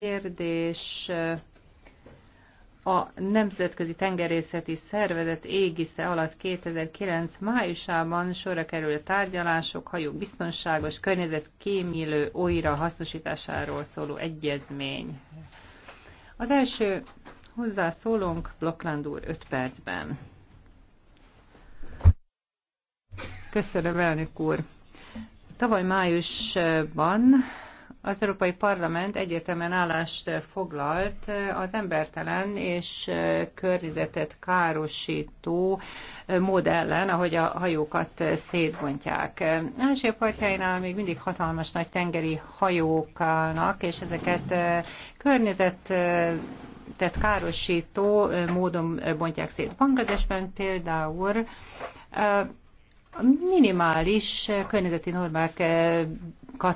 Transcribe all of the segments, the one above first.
kérdés a Nemzetközi Tengerészeti Szervezet égisze alatt 2009. májusában sorra kerül tárgyalások hajók biztonságos kémilő újra hasznosításáról szóló egyezmény. Az első hozzászólónk Blokland úr 5 percben. Köszönöm, elnök úr! Tavaly májusban az Európai Parlament egyértelműen állást foglalt az embertelen és környezetet károsító mód ellen, ahogy a hajókat szétbontják. Ázsia partjainál még mindig hatalmas nagy tengeri hajók állnak, és ezeket eh, környezet eh, tehát károsító eh, módon bontják szét. Bangladesben például minimális környezeti normákat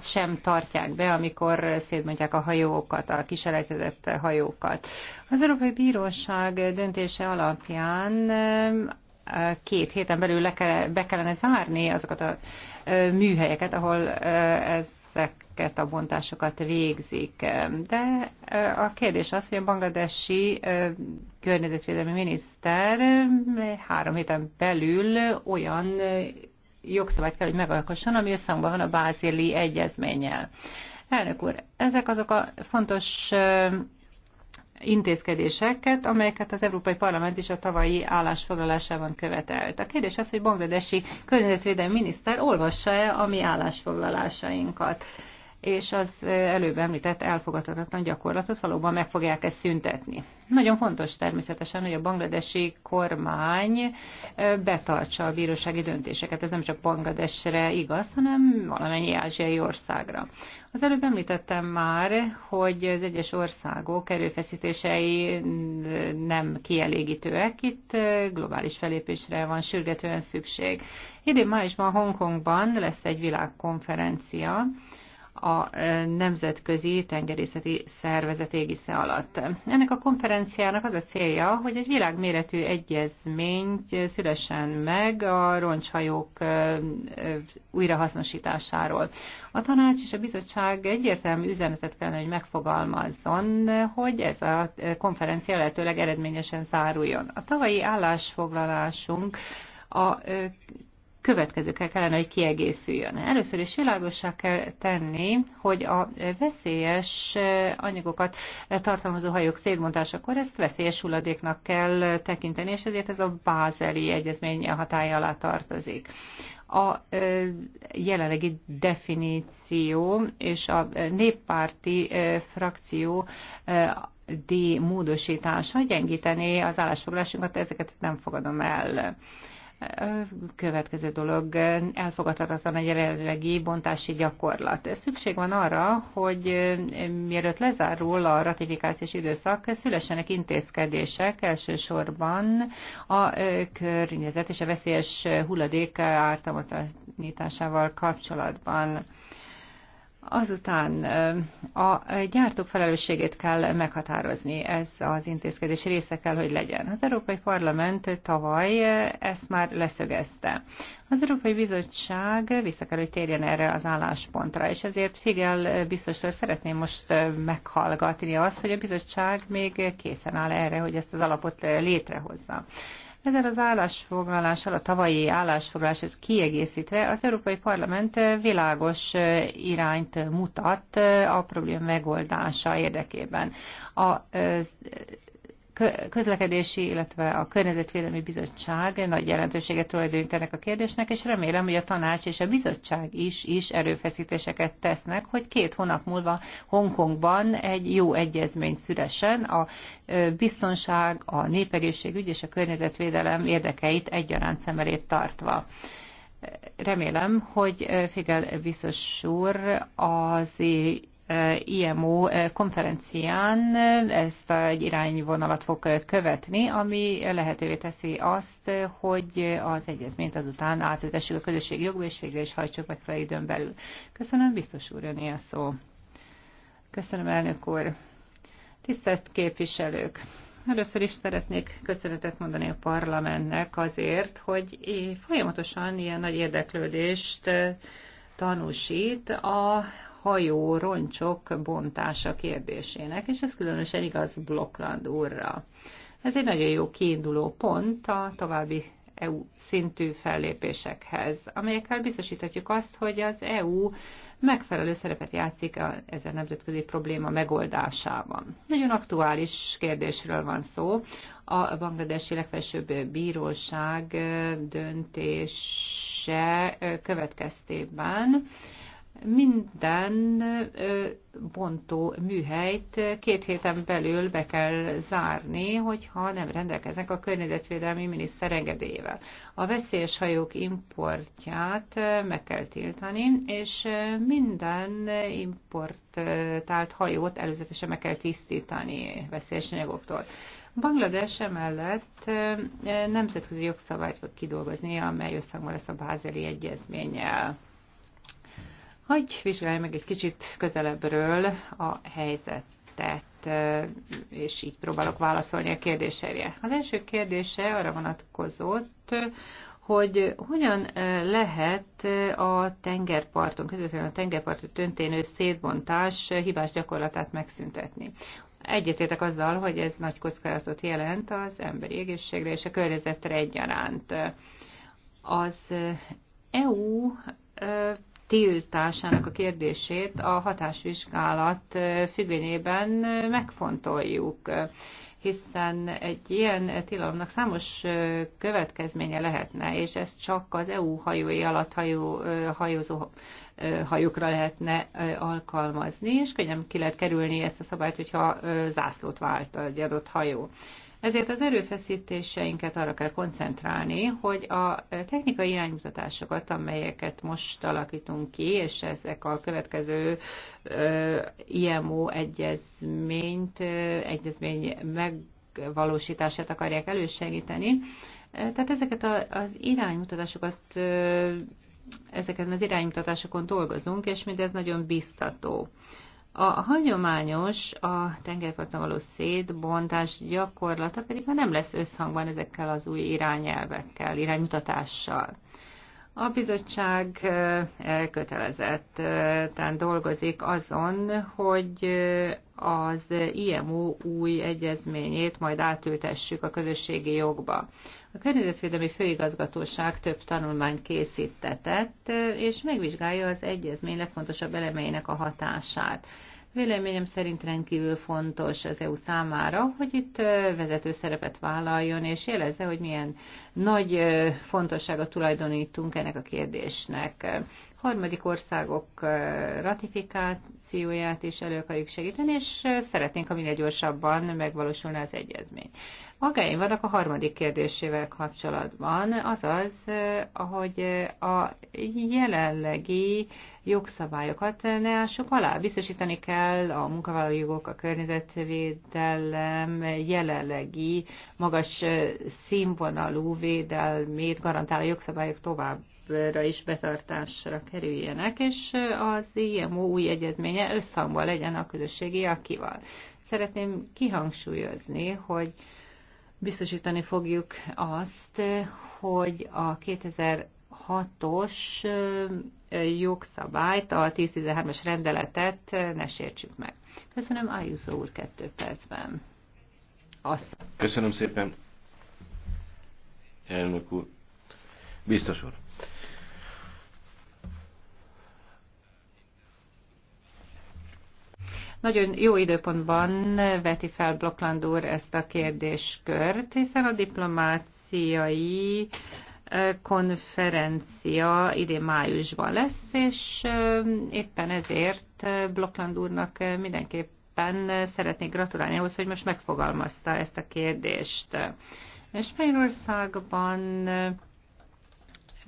sem tartják be, amikor szétmondják a hajókat, a kiselejtezett hajókat. Az Európai Bíróság döntése alapján eh, két héten belül le kell, be kellene zárni azokat a eh, műhelyeket, ahol eh, ez ezeket a bontásokat végzik. De a kérdés az, hogy a bangladesi környezetvédelmi miniszter három héten belül olyan jogszabályt kell, hogy megalkosson, ami összhangban van a bázili egyezménnyel. Elnök úr, ezek azok a fontos intézkedéseket, amelyeket az Európai Parlament is a tavalyi állásfoglalásában követelt. A kérdés az, hogy bangladesi környezetvédelmi miniszter olvassa-e a mi állásfoglalásainkat és az előbb említett elfogadhatatlan gyakorlatot valóban meg fogják ezt szüntetni. Nagyon fontos természetesen, hogy a bangladesi kormány betartsa a bírósági döntéseket. Ez nem csak Bangladesre igaz, hanem valamennyi ázsiai országra. Az előbb említettem már, hogy az egyes országok erőfeszítései nem kielégítőek, itt globális felépésre van sürgetően szükség. Idén májusban Hongkongban lesz egy világkonferencia, a e, Nemzetközi Tengerészeti Szervezet égisze alatt. Ennek a konferenciának az a célja, hogy egy világméretű egyezményt szülessen meg a roncshajók e, e, újrahasznosításáról. A tanács és a bizottság egyértelmű üzenetet kellene, hogy megfogalmazzon, hogy ez a konferencia lehetőleg eredményesen záruljon. A tavalyi állásfoglalásunk a következőkkel kellene, hogy kiegészüljön. Először is világosá kell tenni, hogy a veszélyes anyagokat tartalmazó hajók szétmondásakor ezt veszélyes hulladéknak kell tekinteni, és ezért ez a bázeli egyezmény hatája alá tartozik a jelenlegi definíció és a néppárti frakció D módosítása gyengítené az állásfoglalásunkat, ezeket nem fogadom el. Következő dolog, elfogadhatatlan a jelenlegi bontási gyakorlat. Szükség van arra, hogy mielőtt lezárul a ratifikációs időszak, szülessenek intézkedések, elsősorban a környezet és a veszélyes hulladék ártalmatlanításával kapcsolatban. Azután a gyártók felelősségét kell meghatározni, ez az intézkedés része kell, hogy legyen. Az Európai Parlament tavaly ezt már leszögezte. Az Európai Bizottság vissza kell, hogy térjen erre az álláspontra, és ezért Figel hogy szeretném most meghallgatni azt, hogy a bizottság még készen áll erre, hogy ezt az alapot létrehozza. Ezzel az állásfoglalással, a tavalyi állásfoglaláshoz kiegészítve az Európai Parlament világos irányt mutat a probléma megoldása érdekében. A közlekedési, illetve a Környezetvédelmi Bizottság nagy jelentőséget tulajdonít ennek a kérdésnek, és remélem, hogy a tanács és a bizottság is, is erőfeszítéseket tesznek, hogy két hónap múlva Hongkongban egy jó egyezmény szülesen a biztonság, a népegészségügy és a környezetvédelem érdekeit egyaránt szem elét tartva. Remélem, hogy Figel biztos úr az IMO eh, konferencián eh, ezt egy irányvonalat fog eh, követni, ami lehetővé teszi azt, hogy az egyezményt azután átültessük a közösségi jogba, és végre is hajtsuk meg fel időn belül. Köszönöm, biztos úr, a szó. Köszönöm, elnök úr. Tisztelt képviselők! Először is szeretnék köszönetet mondani a parlamentnek azért, hogy folyamatosan ilyen nagy érdeklődést tanúsít a hajó roncsok bontása kérdésének, és ez különösen igaz Blokland úrra. Ez egy nagyon jó kiinduló pont a további EU szintű fellépésekhez, amelyekkel biztosíthatjuk azt, hogy az EU megfelelő szerepet játszik a, ezen nemzetközi probléma megoldásában. Nagyon aktuális kérdésről van szó. A bangladesi legfelsőbb bíróság döntése következtében minden bontó műhelyt két héten belül be kell zárni, hogyha nem rendelkeznek a környezetvédelmi miniszter engedélyével. A veszélyes hajók importját meg kell tiltani, és minden importált hajót előzetesen meg kell tisztítani veszélyes anyagoktól. Banglades emellett nemzetközi jogszabályt fog kidolgozni, amely összhangban lesz a Bázeli Egyezménnyel. Hogy vizsgálj meg egy kicsit közelebbről a helyzetet, és így próbálok válaszolni a kérdésére. Az első kérdése arra vonatkozott, hogy hogyan lehet a tengerparton, közvetlenül a tengerparton történő szétbontás hibás gyakorlatát megszüntetni. Egyetértek azzal, hogy ez nagy kockázatot jelent az emberi egészségre és a környezetre egyaránt. Az EU tiltásának a kérdését a hatásvizsgálat függvényében megfontoljuk hiszen egy ilyen tilalomnak számos következménye lehetne, és ez csak az EU hajói alatt hajó, hajózó hajókra lehetne alkalmazni, és könnyen ki lehet kerülni ezt a szabályt, hogyha zászlót vált egy adott hajó. Ezért az erőfeszítéseinket arra kell koncentrálni, hogy a technikai iránymutatásokat, amelyeket most alakítunk ki, és ezek a következő IMO egyezményt, egyezmény megvalósítását akarják elősegíteni, tehát ezeket az iránymutatásokat ezeken az iránymutatásokon dolgozunk, és mindez nagyon biztató. A hagyományos, a tengerparton való szétbontás gyakorlata pedig már nem lesz összhangban ezekkel az új irányelvekkel, iránymutatással. A bizottság elkötelezett, tehát dolgozik azon, hogy az IMO új egyezményét majd átültessük a közösségi jogba. A Környezetvédelmi Főigazgatóság több tanulmányt készítetett, és megvizsgálja az egyezmény legfontosabb elemeinek a hatását. Véleményem szerint rendkívül fontos az EU számára, hogy itt vezető szerepet vállaljon, és jelezze, hogy milyen nagy fontosságot tulajdonítunk ennek a kérdésnek harmadik országok ratifikációját is elő akarjuk segíteni, és szeretnénk, ha minél gyorsabban megvalósulna az egyezmény. Magáim vannak a harmadik kérdésével kapcsolatban, azaz, hogy a jelenlegi jogszabályokat ne ássuk alá. Biztosítani kell a munkavállalói jogok, a környezetvédelem jelenlegi magas színvonalú védelmét garantál a jogszabályok tovább piacra is betartásra kerüljenek, és az IMO új egyezménye összhangban legyen a közösségi akival. Szeretném kihangsúlyozni, hogy biztosítani fogjuk azt, hogy a 2006-os jogszabályt, a 10-13-as rendeletet ne sértsük meg. Köszönöm, Ájúzó úr, kettő percben. Azt. Köszönöm szépen, elnök úr. Biztos úr. Nagyon jó időpontban veti fel Blokland úr ezt a kérdéskört, hiszen a diplomáciai konferencia idén májusban lesz, és éppen ezért Blokland úrnak mindenképpen szeretnék gratulálni ahhoz, hogy most megfogalmazta ezt a kérdést. És Spanyolországban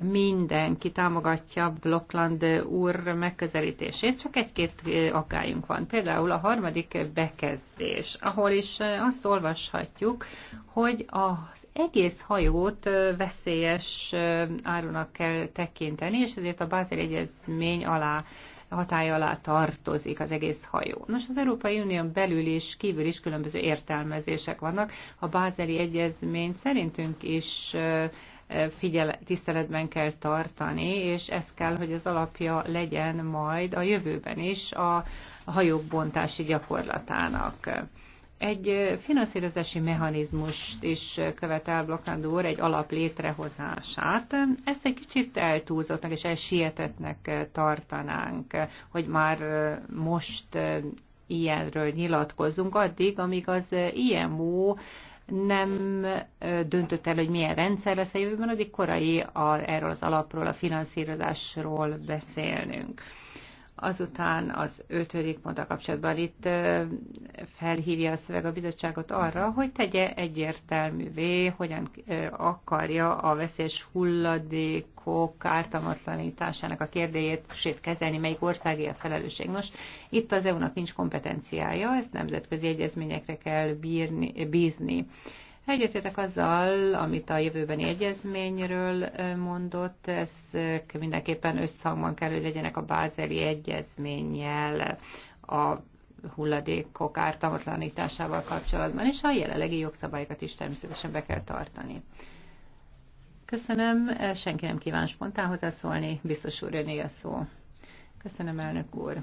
mindenki támogatja Blockland úr megközelítését, csak egy-két aggályunk van. Például a harmadik bekezdés, ahol is azt olvashatjuk, hogy az egész hajót veszélyes árunak kell tekinteni, és ezért a Bázel egyezmény alá hatály alá tartozik az egész hajó. Nos, az Európai Unión belül és kívül is különböző értelmezések vannak. A bázeli egyezmény szerintünk is figyel, tiszteletben kell tartani, és ez kell, hogy az alapja legyen majd a jövőben is a hajók bontási gyakorlatának. Egy finanszírozási mechanizmust is követel úr egy alap létrehozását. Ezt egy kicsit eltúlzottnak és elsietetnek tartanánk, hogy már most ilyenről nyilatkozzunk addig, amíg az IMO nem döntött el, hogy milyen rendszer lesz a jövőben, addig korai a, erről az alapról, a finanszírozásról beszélnünk. Azután az ötödik ponttal kapcsolatban itt felhívja a szöveg a bizottságot arra, hogy tegye egyértelművé, hogyan akarja a veszélyes hulladékok ártalmatlanításának a kérdését kezelni, melyik országé a felelősség. Nos, itt az EU-nak nincs kompetenciája, ezt nemzetközi egyezményekre kell bírni, bízni. Egyetértek azzal, amit a jövőbeni egyezményről mondott, ez mindenképpen összhangban kell, hogy legyenek a bázeli egyezménnyel, a hulladékok ártalmatlanításával kapcsolatban, és a jelenlegi jogszabályokat is természetesen be kell tartani. Köszönöm, senki nem kíván spontán hozzászólni, biztos úr, öné a szó. Köszönöm, elnök úr.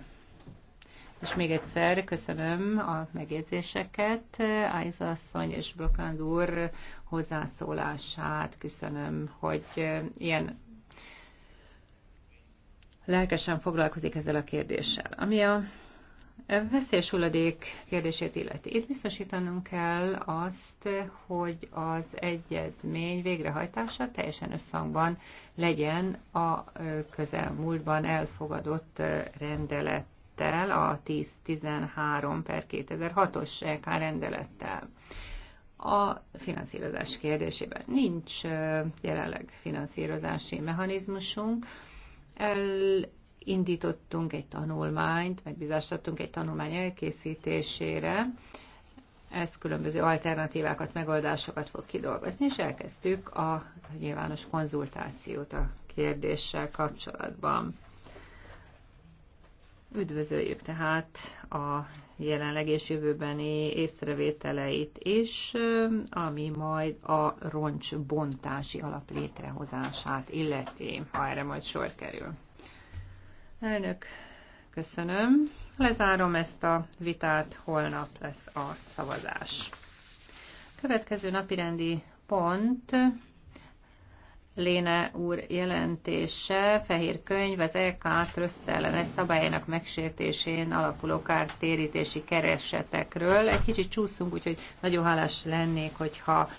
És még egyszer köszönöm a megjegyzéseket, Ájza asszony és Brokand úr hozzászólását, köszönöm, hogy ilyen lelkesen foglalkozik ezzel a kérdéssel. Ami a veszélyes hulladék kérdését illeti. Itt biztosítanunk kell azt, hogy az egyezmény végrehajtása teljesen összhangban legyen a közelmúltban elfogadott rendelet rendelettel, a 1013 per 2006-os EK rendelettel. A finanszírozás kérdésében nincs jelenleg finanszírozási mechanizmusunk. Elindítottunk egy tanulmányt, megbízást egy tanulmány elkészítésére, ez különböző alternatívákat, megoldásokat fog kidolgozni, és elkezdtük a nyilvános konzultációt a kérdéssel kapcsolatban. Üdvözöljük tehát a jelenleg és jövőbeni észrevételeit is, ami majd a roncs bontási alap létrehozását illeti, ha erre majd sor kerül. Elnök, köszönöm. Lezárom ezt a vitát, holnap lesz a szavazás. Következő napirendi pont Léne úr jelentése, fehér könyv az EK ellenes szabályának megsértésén alapuló kártérítési keresetekről. Egy kicsit csúszunk, úgyhogy nagyon hálás lennék, hogyha